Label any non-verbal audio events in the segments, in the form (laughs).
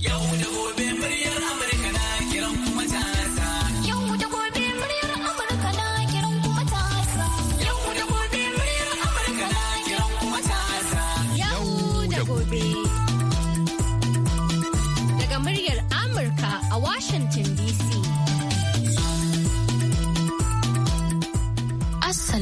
Yau da gobe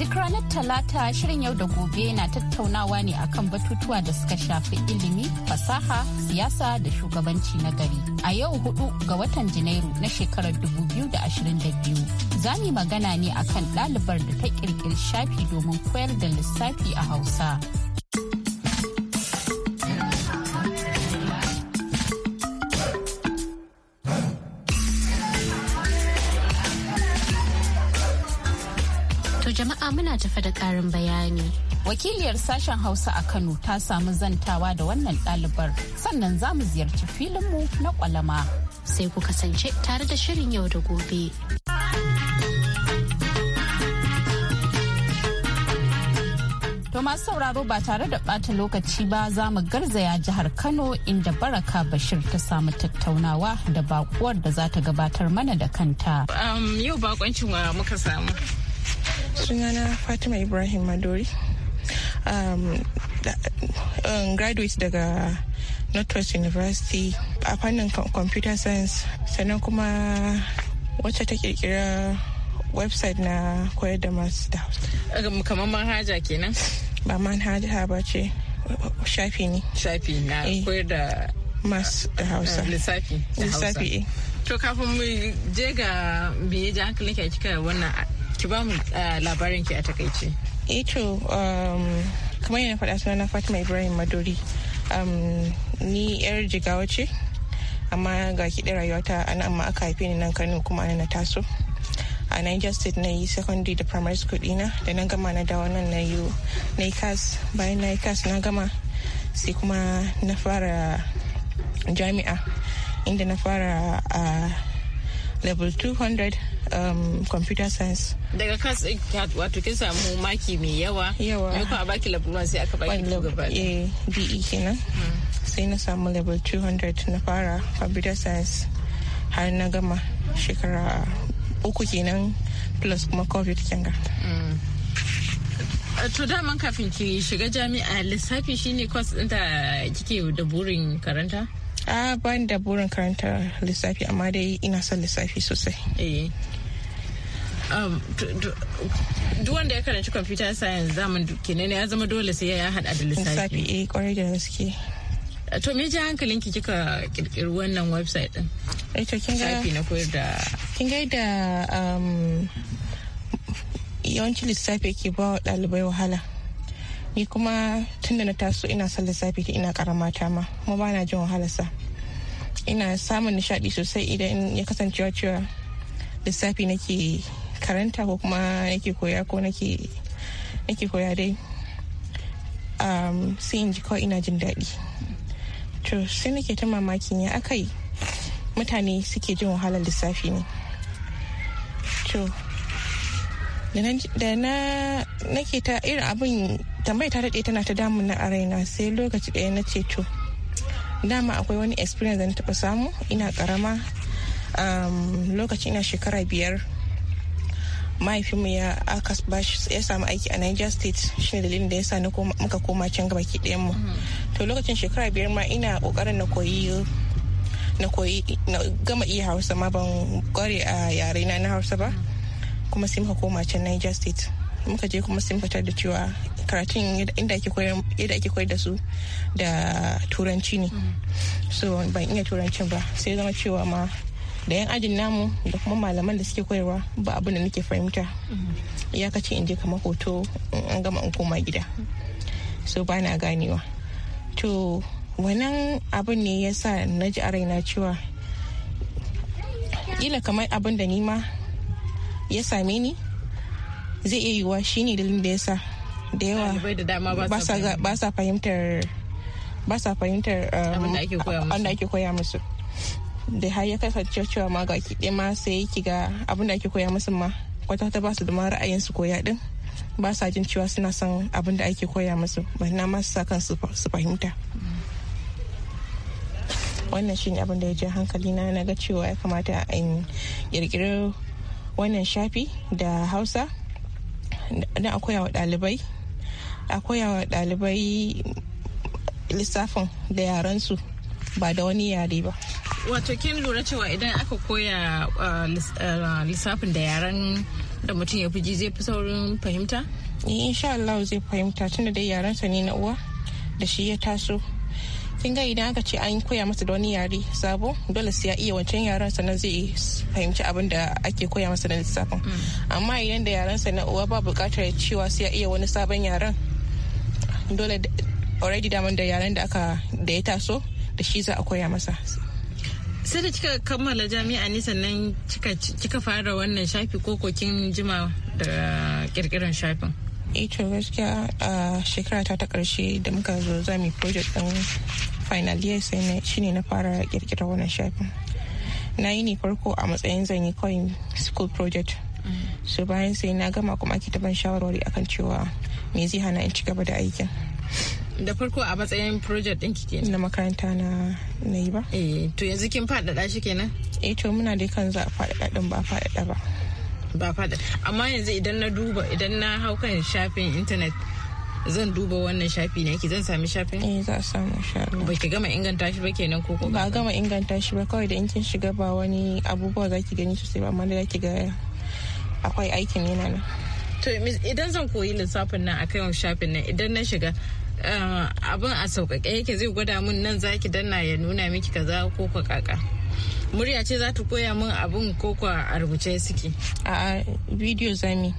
duk ranar talata shirin yau da gobe na tattaunawa ne akan batutuwa da suka shafi ilimi fasaha siyasa da shugabanci na gari a yau hudu ga watan janairu na shekarar ashirin 2022 za mu magana ne akan dalibar da ta kirkiri shafi domin koyar da lissafi a hausa muna tafa da karin bayani. Wakiliyar sashen Hausa a Kano ta samu zantawa da wannan ɗalibar sannan za mu ziyarci filinmu na ƙwalama. Sai ku kasance tare da shirin yau da gobe. To masu sauraro ba tare da ɓata lokaci ba za mu garzaya jihar Kano inda Baraka Bashir ta samu tattaunawa da bakuwar da za ta gabatar mana da kanta. yau bakoncin wa muka samu. sunana fatima ibrahim madori um, um, graduate daga northwest university a fannin computer science sannan kuma wacce ta kirkira website na koyar da masu da hausa um, kamar manhaja kenan ba manhaja ba ce shafi ne shafi na eh. koyar da masu da hausa um, lissafi lissafi eh. to kafin mu je ga biye ji hankalin kika wannan ki ba mu eh, labarin ki a takaice Eto, eh um, kamar yana faɗa suna na fatima ibrahim madori um, ni yar jigawa ce amma ga kiɗin rayuwata a nan amma aka haife ni nan kano kuma ana taso a niger state na yi secondary da primary school ɗina da na gama na dawo nan na yi na yi kas, bayan na yi kas na gama sai kuma na fara jami'a inda na fara a level 200 Um, computer science daga kas wato kin samu maki mai yawa yawa ne kuma baki level 1 sai aka baki gaba eh BE kenan sai na samu level 200 na fara computer science har na gama shekara uku kenan plus kuma covid kinga mm. to daman kafin ki shiga jami'a lissafi shine kwas ɗin da kike da burin karanta a ah, ban da burin karanta lissafi amma dai ina son lissafi sosai eh. Um, duk wanda ya karanci computer science zaman ne ya zama dole sai ya hada da lissafi lissafi eh kwarai da gaske uh, to me ji hankalinki kika kirkiri wannan website din eh to kin ga na koyar da kin ga da um, yawanci lissafi ke ba wa ɗalibai wahala ni kuma tun da na taso ina son lissafi ta ina karamata ma kuma ba na jin wahalasa ina samun nishaɗi sosai idan ya kasancewa cewa lissafi nake karanta ko kuma nake koya ko nake koya dai um, sai in ji kawai ina jin daɗi to sai nake ta mamakin ya aka yi mutane suke jin wahalar lissafi ne to da na nake ta irin abin tambayar ta daɗe tana ta damun na a raina sai lokaci ɗaya na ce to dama akwai wani experience da na taɓa samu ina ƙarama um, lokaci ina shekara biyar mahaifinmu ya aka bashi ya samu aiki a Niger State shine dalilin da ya sa muka koma can gaba ki ɗayan mu mm-hmm. to lokacin shekara biyar ma ina kokarin na koyi na koyi na gama iya Hausa ma ban kware a yare na Hausa ba mm-hmm. kuma sai muka koma can Niger State muka je kuma sai fitar da cewa karatun inda ake koyar da su da turanci ne mm-hmm. so ban iya turancin ba sai zama cewa ma da yan ajin namu da kuma malaman da suke koyarwa ba abin da nake fahimta iyakacin in je kamar hoto an gama in koma gida so ba na ganewa to wannan abin ne ya sa na ji a raina cewa kila kamar abin da nima ya same ni zai iya yiwuwa shi dalilin da ya sa da yawa ba sa fahimtar ba sa wanda ake koya musu da har ya kai cewa ma ga kiɗe ma sai ki ga abin da ake koya musu ma kwata kwata ba su da ma ra'ayin su koya din ba sa jin cewa suna son abin da ake koya musu na ma su sa kan su fahimta wannan shine abin da ya je hankali na na ga cewa ya kamata in kirkiri wannan shafi da hausa don a koya wa ɗalibai a koya wa dalibai lissafin da yaransu ba da wani yare ba wato kin lura cewa idan aka koya uh, uh, lissafin da yaran da mutum ya fi zai fi saurin fahimta? Eh, insha Allah zai fahimta tunda dai yarensa ne na uwa da shi ya taso kin ga idan aka ce an koya masa da wani yare sabo dole sai ya iya wancan yaren sannan zai fahimci abin da ake koya masa da lissafin mm. amma idan da yaran sa na uwa ba buƙatar cewa sai ya iya wani sabon yaren dole already daman da yaren da aka da ya taso da shi za a koya masa sai da kika kammala jami'a ne sannan kika fara wannan shafi ko kokin jima da kirkiran shafin ito eh gaskiya a shekara ta ta karshe da muka zo zami project din final year sai ne shine na fara kirkira wannan shafin na yi ne farko a matsayin zanyi coin school project mm-hmm. su bayan sai na gama kuma ake taban shawarwari akan cewa me zai hana in ci gaba da aikin da farko a matsayin project ki kike na makaranta na na yi ba eh to yanzu kin faɗaɗa shi kenan eh to muna dai kan za a faɗaɗa ɗin ba faɗaɗa ba ba faɗa amma yanzu idan na duba idan na hau kan shafin intanet zan duba wannan shafi ne ki zan sami shafin eh za a samu shafin ba ki gama inganta shi ba kenan ko ba gama inganta shi ba kawai da in kin shiga ba wani abubuwa za ki gani sosai ba amma da ki ga akwai aikin yana nan to idan zan koyi lissafin nan akan shafin nan idan na shiga Eh, abin a sauƙaƙe yake zai gwada mun nan zaki danna ya nuna miki kaza ko ka kaka murya ce za ta koya mun abin ko kwa a rubuce suke a bidiyo zami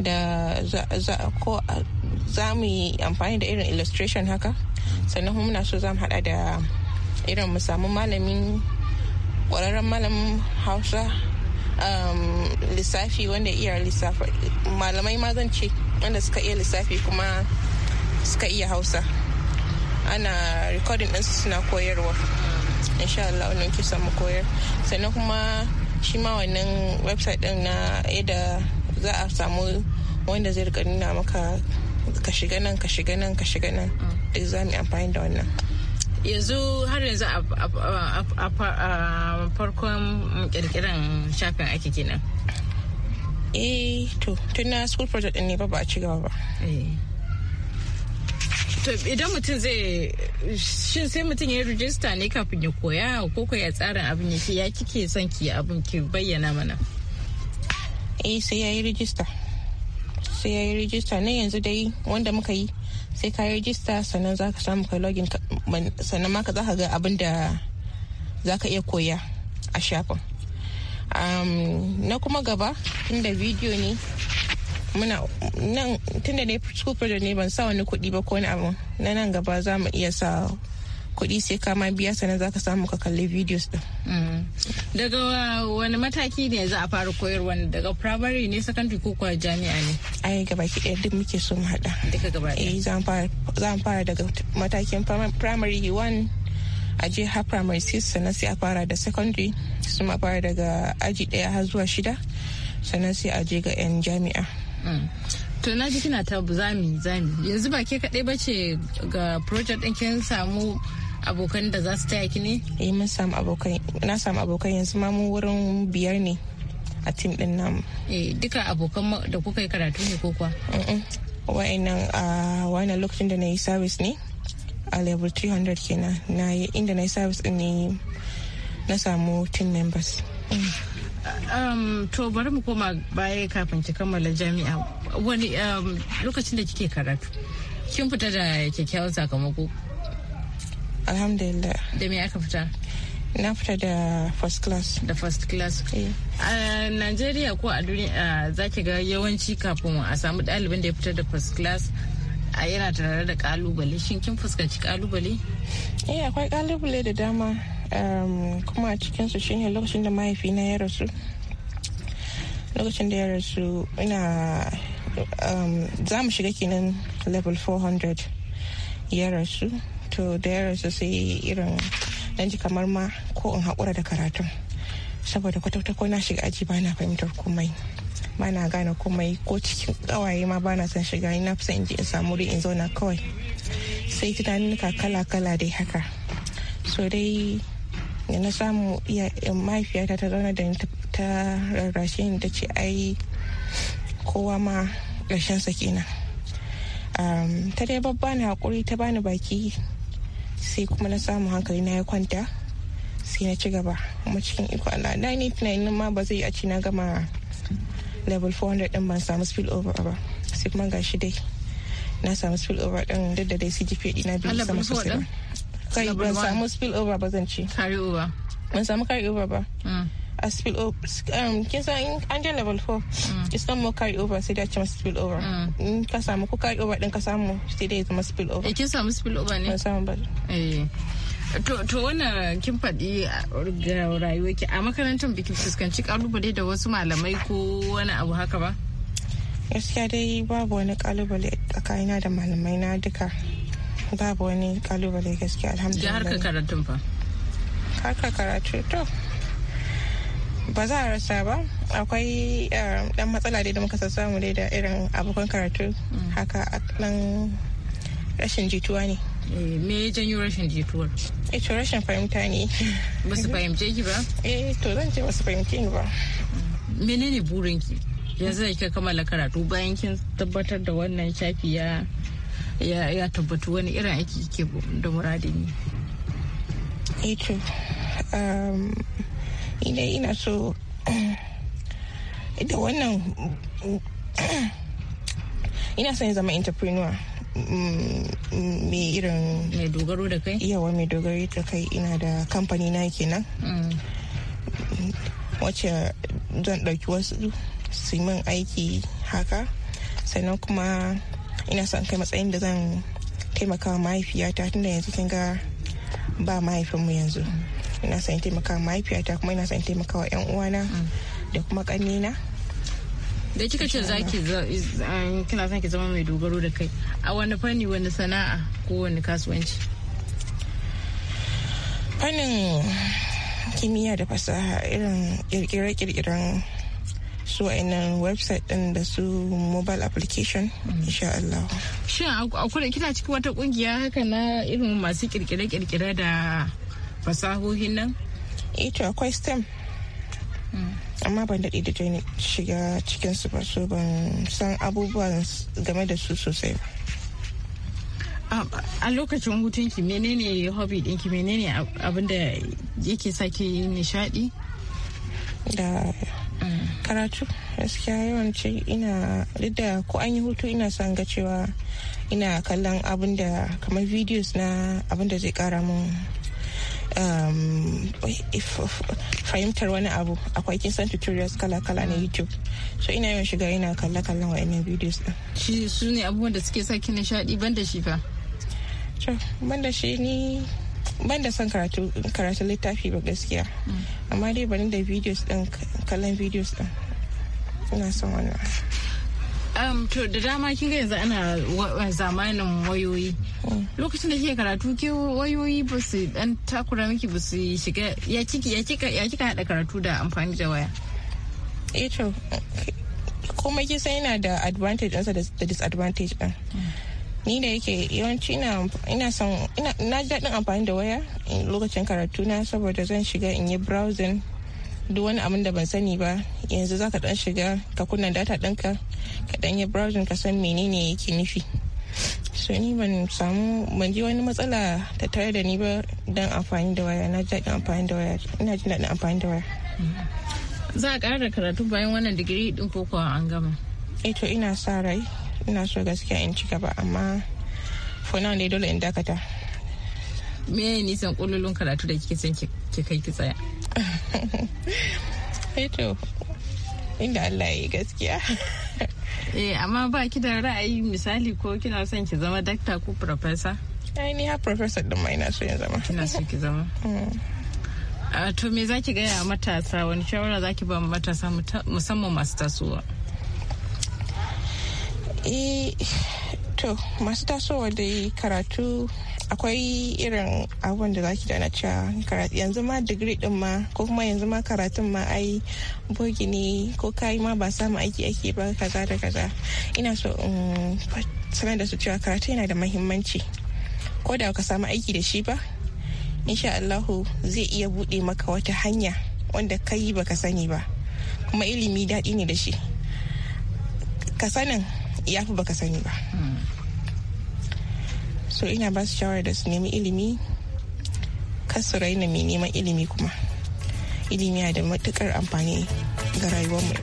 da ko za mu yi amfani da irin illustration haka sannan kuma muna so za mu hada da irin mu samu malamin kwararren malamin hausa um, lissafi wanda iya lissafa malamai ma zan ce wanda suka iya lissafi kuma suka iya hausa ana recording ɗinsu suna koyarwa insha Allah wannan ke samu koyar sannan kuma shi ma wannan website ɗin na yadda za a samu wanda zai rika nuna maka ka shiga nan ka shiga nan ka shiga nan duk za mu amfani da wannan yanzu har yanzu a farkon kirkiran shafin ake kenan eh to tun na school project ne ba ba a ci gaba ba eh. to idan mutum zai shin sai mutum ya yi rijista ne kafin ya koya ko ko ya tsarin abin ya ce ya kike son ki abin ki bayyana mana eh sai ya yi rijista sai ya yi rijista ne yanzu dai wanda muka yi sai ka yi rijista sannan za ka samu kai login sannan ma ka za ka ga abin da za ka iya koya a shafin na kuma gaba tunda bidiyo ne muna nan tunda dai school da ne ban sa wani kuɗi ba ko wani abu na nan gaba za mu iya sa kuɗi sai ka ma biya sannan ka samu ka kalli videos din. Mm. Daga wani mataki ne za a fara koyarwa daga primary ne secondary ko kuwa jami'a ne? Ai gaba ki ɗaya duk muke so mu haɗa. Duka gaba ɗaya. Eh za mu fara daga matakin primary one a je har primary six sannan sai a fara da secondary su ma fara daga aji ɗaya har zuwa shida sannan sai a je ga 'yan jami'a. Mm. to na ji kina ta zami zami yanzu ba ke kaɗai ba ce ga project ɗin kin samu abokan da za su taya ki ne? eh mun samu abokai na samu abokai yanzu ma mu wurin biyar ne a tim ɗin namu eh duka abokan da kuka yi karatu ne ko kuwa wa'annan a wani lokacin da na yi service ne a level 300 kenan na inda na yi service ne na samu team members mm. um, to bari mu koma baya kafin ki kammala jami'a wani um, lokacin da kike karatu kin fita da kyakkyawan sakamako alhamdulillah da me aka fita na fita da first class da first class eh. a Najeriya nigeria ko a duniya za ki ga yawanci kafin a samu ɗalibin da ya fita da first class a yana tare da kalubale shin kin fuskanci kalubale eh akwai kalubale da dama kuma a cikinsu shine lokacin da mahaifina ya rasu lokacin da ya rasu ina za mu shiga kenan level 400 ya rasu to da ya rasu sai irin dan ji kamar ma ko in haƙura da karatun saboda kwata-kwata ko na shiga aji bana fahimtar komai bana gane komai ko cikin kawaye ma bana son shiga ina fi in ji in samu ri in zauna kawai sai tunanin kala-kala dai haka so dai na samu iya mahaifiyata ta zauna da ni ta rarrashe ni ta ce ai kowa ma ƙarshen sa kenan ta dai babba na hakuri ta bani baki sai kuma na samu hankali na ya kwanta sai na ci gaba kuma cikin iko Allah na ni tunanin ma ba zai a ci na gama level 400 din ban samu spill over ba sai kuma gashi dai na samu spill over din duk da dai CGP na biyu sama sosai kai ban samu spill over ba zan ce carry over ban samu carry over ba mm. a spill over um, kin san an je level 4 mm. it's not more carry over sai dai a ce masa spill over mm. in ka samu ko carry over din ka samu sai dai ya zama spill over eh, kin samu spill over ne ban samu ba eh to wannan kin faɗi a rayuwa ki a makarantar bikin fuskanci kalubale da wasu malamai ko wani abu haka ba gaskiya dai babu wani kalubale kaina da malamai na duka babu wani kalubale gaskiya alhamdulillah harkar karatun fa harkar karatu to ba za a rasa ba akwai dan eh, matsala dai da muka samu dai da irin abokan karatu mm. haka a nan rashin jituwa ne eh, me ya janyo rashin jituwar ito eh, rashin fahimta ne ba su fahimce ki ba eh to zan ce ba su fahimce ni ba menene burinki yanzu da kika kammala karatu bayan kin tabbatar da wannan shafi ya ya tabbatu wani irin aiki ke da muradin yi eh to um, idan ina so da wannan ina son zama entrepreneur mai mm, irin mai dogaro da kai yawa mai dogaro da kai ina da kamfani na kenan mm. wacce zan ɗauki wasu su min aiki haka sannan kuma ina son kai matsayin da zan taimaka wa mahaifiyata tunda yanzu sun ga ba mahaifinmu yanzu ina son taimaka wa mahaifiyata kuma ina son taimaka wa 'yan uwana da kuma kanina da kika ce za ki kina son ki zama mai dogaro da kai a wani fanni wani sana'a ko wani kasuwanci fannin kimiyya da fasaha irin kirkire-kirkiren su wa'annan website din da su mobile application mm. insha Allah. Shin akwai kina cikin wata kungiya haka na irin masu kirkire-kirkire da fasahohin nan? Ito eh akwai STEM. Mm. amma ban daɗe da jini shiga cikinsu ba so ban san abubuwan game da su sosai ba. Ah, a lokacin hutunki menene hobby ɗinki menene abinda yake sake nishaɗi? da karatu gaskiya yawanci ina duk da ko an yi hutu ina son ga cewa ina kallon abin da kamar videos na abin da zai kara mun um, fahimtar wani abu akwai kin san tutorials kala-kala na youtube so ina yawan shiga ina kalle-kallon wa'annan videos din shi su ne abubuwan da suke sa ki nishadi ban shi fa ban da shi ni ban da son karatu littafi ba gaskiya amma dai bani da videos din kallon videos din ina son wannan Um, to da dama kin ga yanzu ana zamanin wayoyi mm. lokacin da kike karatu ke wayoyi ba su dan takura miki ba su shiga ya kika ya kika ya kika hada karatu da amfani da waya eh to kuma kisa yana da advantage ɗinsa da disadvantage ɗin mm. ni da yake yawanci ina son na ji daɗin amfani da waya lokacin karatu na saboda zan shiga in yi browsing duk wani abin da ban sani ba yanzu za ka dan shiga ka kunna data ɗinka ka dan yi browsing ka san menene yake nufi so ni ban samu ban ji wani matsala ta tare da ni ba don amfani da waya na ji daɗin amfani da waya ina ji daɗin amfani da waya za a ƙara karatu bayan wannan digiri din ko kuwa an gama eh ina sa rai ina so gaskiya in ci gaba amma fona ne dole in dakata me nisan kullulun karatu da kike son ki kai ki tsaya (laughs) eh to inda Allah ya yi gaskiya (laughs) eh amma ba ki da ra'ayi misali ko kina son ki zama dakta ko professor ai ni ha professor din ma ina so in zama kina so ki zama mm. ah, to me zaki gaya matasa wani shawara zaki ba matasa musamman masu tasowa eh to masu tasowa da karatu akwai irin abun da zaki dana cewa karatu yanzu ma digiri din ma ko kuma yanzu ma karatun ma ai bogi ne ko kayi ma ba samu aiki ake ba kaza da kaza ina so in sanar da su cewa karatu yana da mahimmanci ko da ka samu aiki da shi ba insha Allahu zai iya bude maka wata hanya wanda kai baka sani ba kuma ilimi daɗi ne da shi ka sanin ya fi baka sani ba hmm. so ina ba su shawara da su nemi ilimi kasu raina mai neman ilimi kuma ilimi na da matukar amfani ga rayuwar mu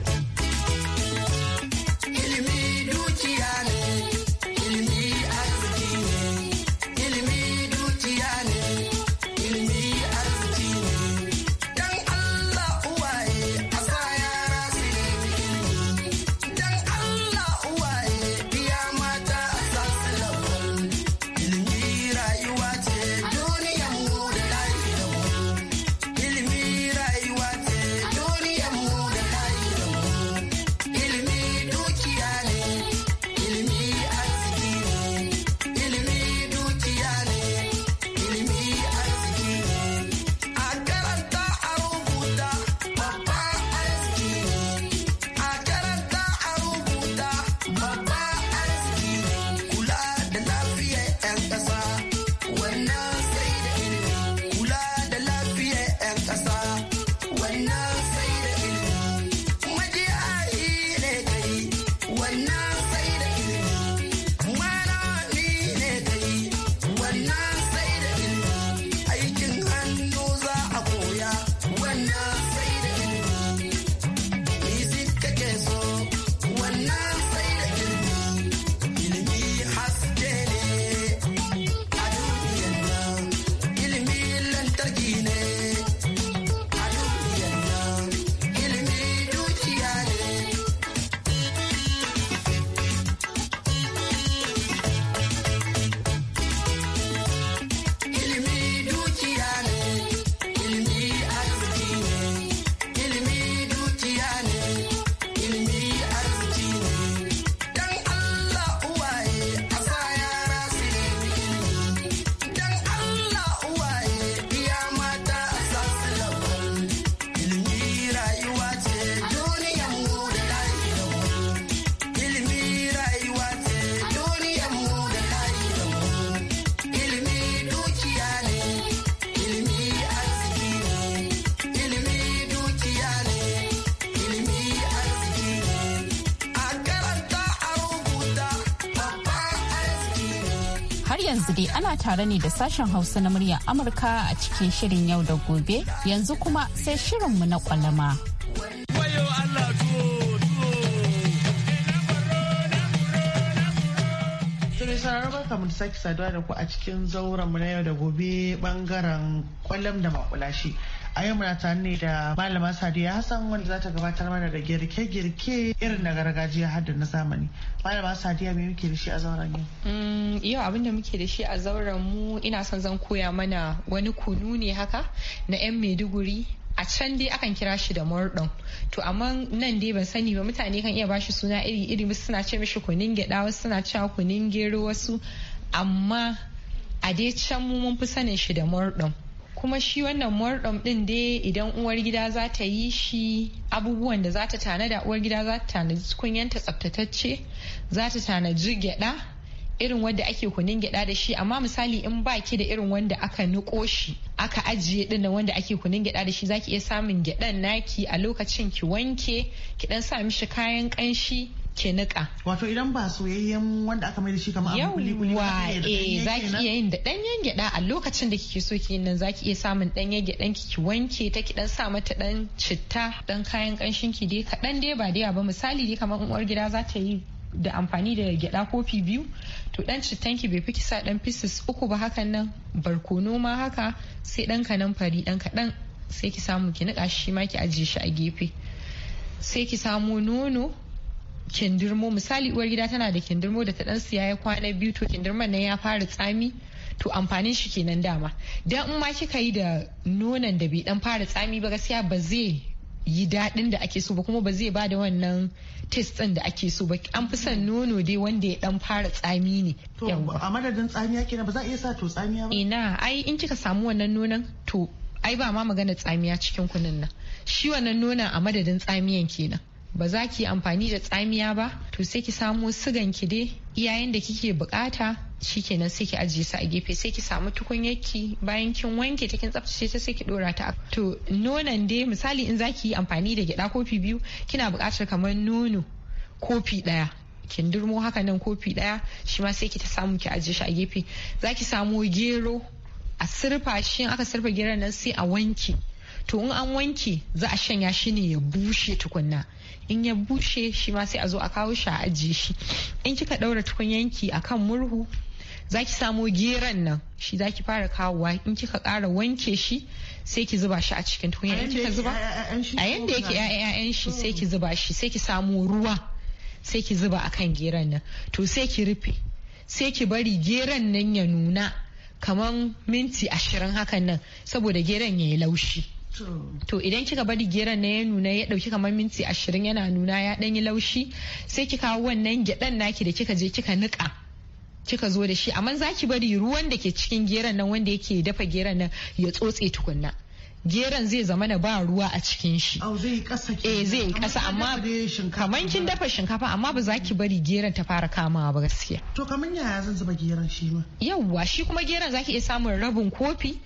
yanzu ana tare ne da sashen Hausa na muryar Amurka a cikin shirin yau da gobe yanzu kuma sai shirinmu na kwalama. sauraron sake saduwa da ku a cikin zauren mu na yau da gobe bangaren kwallon da makulashi a yau muna tare ne da malama Sadiya Hassan wanda za ta gabatar mana da girke-girke irin na gargajiya har na zamani. Malama Sadiya me muke da shi a zauren yau? Mm, yau abin da muke da shi a zauren mu ina son zan koya mana wani kunu ne haka na 'yan Maiduguri a can dai akan kira shi da murdon to amma nan dai ban sani ba mutane kan iya bashi suna iri iri wasu suna ce mishi kunin gyaɗa wasu suna cewa kunin gero wasu amma a dai can mu mun fi sanin shi da murdon kuma shi wannan murɗin ɗin dai idan uwar gida za ta yi shi abubuwan da za ta tanada uwar gida za ta tanaji kunyanta tsaftatacce za ta tanaji gyada. irin wanda ake kunin gyada da shi amma misali in baki da irin wanda aka niko shi aka ajiye din da wanda ake kunin gyada da shi zaki iya samun gyadan naki a lokacin ki wanke ki dan sa mishi kayan kanshi ke nika. Wato idan ba soyayyen wanda aka mai da shi kamar abu kuli kuli ba ne eh, zaki iya yin da danyen a lokacin da kike so ki nan zaki iya samun ɗanyen gyadan ki ki wanke ta ki dan sa mata dan citta dan kayan kanshin ki dai kadan dai ba dai ba misali dai kamar uwar gida za ta yi da amfani da gida kofi biyu to dan cittan ki bai fi sa dan pieces uku ba hakan nan barkono ma haka sai dan kanan fari dan kaɗan sai ki samu ki nika shi ma ki ajiye shi a gefe sai ki samu nono kindirmo misali uwar gida tana da kindirmo da ta dan siya ya kwana biyu to kindirman nan ya fara tsami to amfanin shi kenan dama dan in ma kika yi da nonon da bai dan fara tsami ba gaskiya ba zai yi daɗin da ake so ba kuma ba zai ba da wannan test din da ake so ba an fi son nono dai wanda ya dan fara tsami ne to a madadin tsamiya kenan ba za a iya sa to tsamiya ba ina ai in kika samu wannan nonon to ai ba ma magana tsamiya cikin kunun nan shi wannan nonon a madadin tsamiyan kenan ba za ki amfani da tsamiya ba to sai ki samo sigan ki dai iyayen da kike bukata shikenan sai ki ajiye su a gefe sai ki samu tukunyarki bayan kin wanke ta kin tsaftace ta sai ki dora ta to nonon dai misali in za ki yi amfani da gyada kofi biyu kina bukatar kamar nono kofi daya kin durmo haka nan kofi daya shi ma sai ki ta samu ki ajiye shi a gefe za ki samo gero a sirfa shi aka sirfa geron nan sai a wanke to in an wanke za a shanya shi ne ya bushe tukunna in ya bushe shi ma sai a zo a kawo shi a ajiye shi in kika daura tukunyanki akan murhu za ki samo geran nan shi za ki fara kawowa in kika kara wanke shi sai ki zuba shi a cikin tukunya in kika zuba a yanda yake ya'ya'yan shi sai ki hmm. zuba shi sai ki samo ruwa sai ki zuba akan geran nan to sai ki rufe sai ki bari geran nan ya nuna kaman minti ashirin hakan nan saboda geran ya yi laushi To idan kika bari geran na ya nuna ya dauki kamar minti ashirin yana nuna ya danyi laushi sai ki kawo wannan gyaɗan naki da kika je kika nika kika zo da shi amma za bari ruwan da ke cikin geran nan wanda yake dafa geran nan ya tsotse tukunna. geran zai zama na ba ruwa a cikin shi. Au zai kasa Eh kasa amma kaman kin dafa shinkafa amma ba za ki bari geran ta fara kamawa ba gaskiya. To kaman yaya zan zuba geran shi ma? Yawwa shi kuma geran zaki iya samun rabin kofi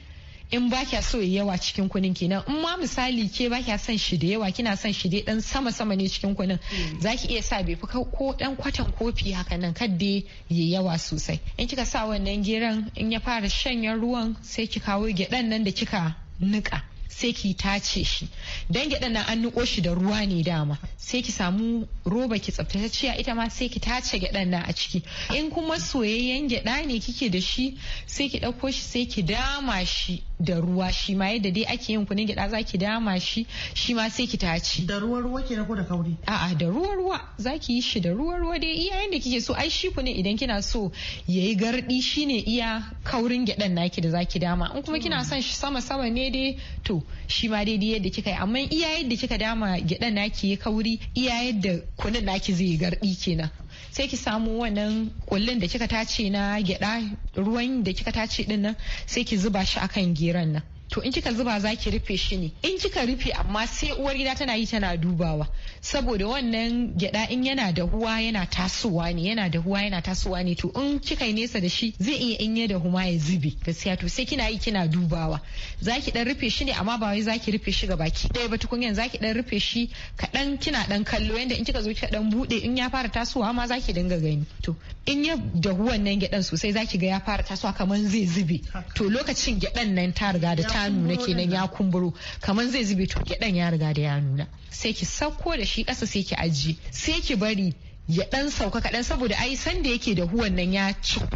in ba kya so yawa cikin kunin kenan in ma misali ke ba kya son shi da yawa kina son shi dai dan sama sama ne cikin kunin mm. za ki iya sa bai fi ko dan kwatan kofi haka nan kadde ya yawa sosai in kika sa wannan geran in ya fara shanyen ruwan sai ki kawo gyaɗan nan da kika nika sai ki tace shi dan gyaɗan nan an niko shi da ruwa ne dama sai ki samu roba ki tsaftatacciya ita ma sai ki tace gyaɗan nan a ciki in kuma soyayyen gyaɗa ne kike da shi sai ki ɗauko shi sai ki dama shi da ruwa shi ma yadda dai ake yin kunin gyaɗa zaki dama shi shi ma sai ki tace da ruwa ruwa ke ko da kauri a'a da ruwa ruwa zaki yi shi da ruwa ruwa dai iya yanda kike so ai shi kunin idan kina so yayi gardi shine iya kaurin gyaɗan naki da zaki dama in kuma kina hmm. son shi sama sama ne dai to shi ma daidai yadda kika yi amma iya yadda kika dama gyaɗa naki ya kauri iya yadda kunun naki zai garɗi kenan sai ki samu wannan kullun da kika tace na gyaɗa ruwan da kika tace din nan sai ki zuba shi akan geran nan to in kika zuba za ki rufe shi ne in kika rufe amma sai uwar gida tana yi tana dubawa saboda wannan gyada in yana da huwa yana tasowa ne yana da huwa yana tasowa ne to in kika yi nesa da shi zai iya in ya da huma ya zube gaskiya to sai kina yi kina dubawa za ki dan rufe shi ne amma ba wai za ki rufe shi gaba ki ɗaya ba tukunyan za ki dan rufe shi kaɗan kina dan kallo yanda in kika zo kika dan buɗe in ya fara tasowa ma za ki dinga gani to in ya da nan gyadan sosai za ki ga ya fara tasowa kamar zai zube to lokacin gyadan nan ta riga da ta ta nuna kenan ya kumburo kamar zai zube to gyadan ya riga da ya nuna sai ki sauko da shi ƙasa sai ki ajiye sai ki bari ya dan sauka kaɗan saboda ai sanda yake da huwan nan ya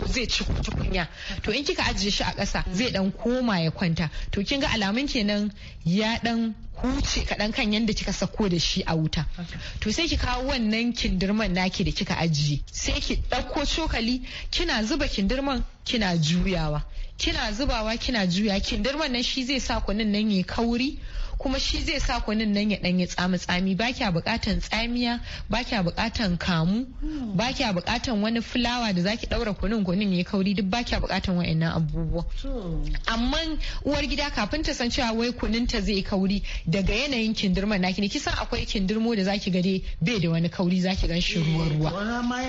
zai ciku tukunya to in kika ajiye shi a kasa zai dan koma ya kwanta to kin ga alamun kenan ya dan huce kaɗan kan yanda kika sauko da shi a wuta to sai ki kawo wannan kindirman naki da kika ajiye sai ki ɗauko cokali kina zuba kindirman kina juyawa kina zubawa kina juya kin nan shi zai sa kunun nan yi kauri kuma shi zai sa kunin nan ya ɗanya tsami tsami ba kya buƙatan tsamiya ba kya buƙatan kamu ba kya buƙatan wani fulawa da zaki ɗaura kunin kunin ya kauri duk ba kya buƙatan wa'annan abubuwa amma uwar gida kafin ta san cewa wai kunun ta zai kauri daga yanayin kindirman naki ne kisan akwai kindirmo da zaki gade bai da wani kauri zaki gan shi eh, ruwa ruwa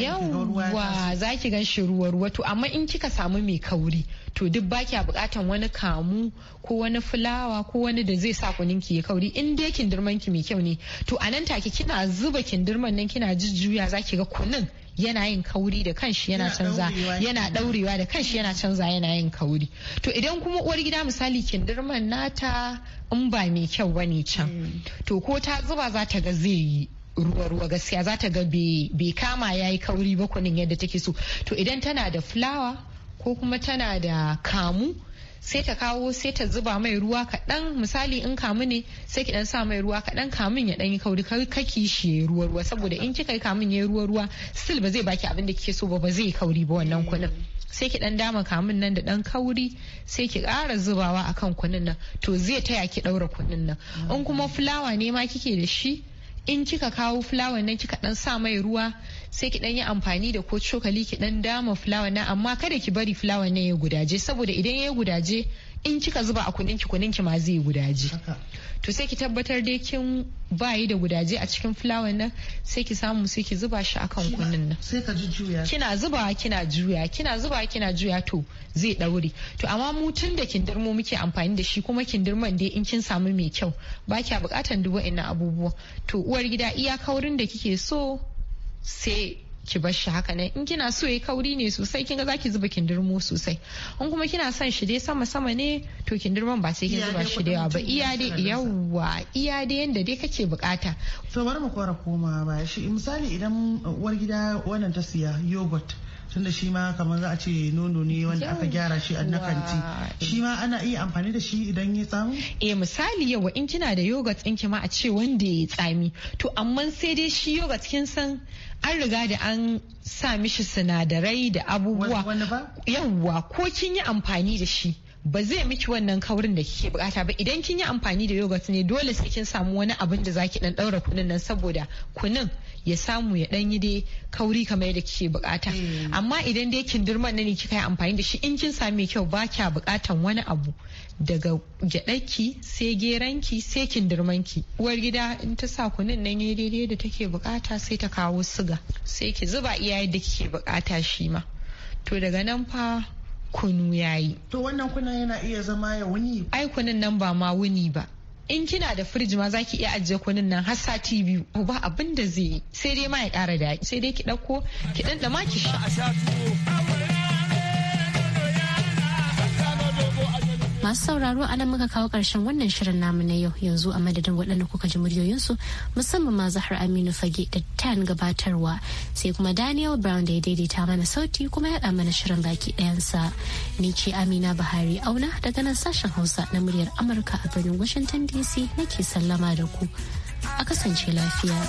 yawwa zaki gan shi ruwa ruwa to amma in kika samu mai kauri to duk ba kya buƙatan wani kamu ko wani fulawa ko wani da zai sa ku ki ya kauri in dai kindirman ki mai kyau ne to a nan take kina zuba kindirman nan kina jujjuya zaki ga kunin yana yin kauri da kanshi yana canza yana daurewa da kanshi yana canza yana yin kauri to idan kuma uwar gida misali kindirman nata in ba mai kyau bane can mm. to ko ta zuba za ta ga zai yi ruwa-ruwa gaskiya za ta ga bai kama ya yi kauri ba kunin yadda take so to idan tana da fulawa ko kuma tana da kamu sai ta kawo sai ta zuba mai ruwa kaɗan misali in kamu ne sai ki dan sa mai ruwa kaɗan kamun ya dan yi kauri kaki shi ya ruwa ruwa saboda in kika yi kamun ya ruwa ruwa still ba zai baki abin da kike so ba ba zai kauri ba wannan kuɗin sai ki dan dama kamun nan da dan kauri sai ki ƙara zubawa akan kunin nan to zai taya ki ɗaura kunin nan in kuma fulawa ne ma kike da shi in kika kawo fulawa nan kika dan sa mai ruwa sai ki dan yi amfani da ko cokali ki dan dama fulawa na amma kada ki bari fulawa na ya gudaje saboda idan ya gudaje in kika zuba a kunin ki ki ma zai gudaji to sai ki tabbatar dai kin bayi da gudaje a cikin fulawa nan sai ki samu sai ki zuba shi akan kunnin nan sai ka juya kina zuba kina juya kina zuba kina juya to zai daure to amma mu tun da kindirmo muke amfani da shi kuma kindirman dai in kin samu mai kyau ba kya bukatan duk wa'annan abubuwa to uwar gida iya kaurin da kike so sai ki bar shi haka nan in kina so yi kauri ne sosai kinga zaki zuba kindirmo sosai in kuma kina son shi dai sama sama ne to kindirman ba sai kin zuba shi da yawa ba iya dai yawa iya dai yanda dai kake bukata to bari mu kora koma ba shi misali idan uwar gida wannan ta siya yogurt tunda shi ma kamar za a ce nono ne wanda aka gyara shi na kanti shi ma ana iya amfani da shi idan ya tsamu eh misali yawa in kina da yogurt in ki ma a ce wanda ya tsami to amma sai dai shi yogurt kin san an riga da an sa mishi sinadarai da abubuwa yawwa ko kin yi amfani da shi ba zai miki wannan kaurin da kike bukata ba idan kin yi amfani da yogurt ne dole sai kin samu wani abin da zaki dan daura kunun nan saboda kunun ya samu ya dan yi dai kauri kamar yadda kike bukata mm. amma idan dai kindirman ne kika yi amfani da shi in kin sami kyau ba kya bukatan wani abu daga gyadaki sai geranki sai kindirmanki uwar gida in ta sa kunun nan ya daidai da take bukata sai ta kawo suga sai ki zuba iya yadda kike bukata shi ma to daga nan fa kunu ya yi. to wannan kunan yana iya zama ya wuni ai kunun nan ba ma wuni ba in kina da firji ma zaki iya ajiye kunun nan har sati biyu ba abin da zai yi sai dai ma ya kara daɗi sai dai ki ɗauko ki ɗanɗama ki sha masu sauraro a muka kawo karshen wannan shirin namu na yau yanzu a madadin waɗanda kuka ji muryoyinsu musamman ma zahar aminu fage da tan gabatarwa sai kuma daniel brown da ya daidaita mana sauti kuma ya mana shirin baki ɗayansa ni ce amina bahari auna daga nan sashen hausa na muryar amurka a birnin washington dc nake sallama da ku a kasance lafiya.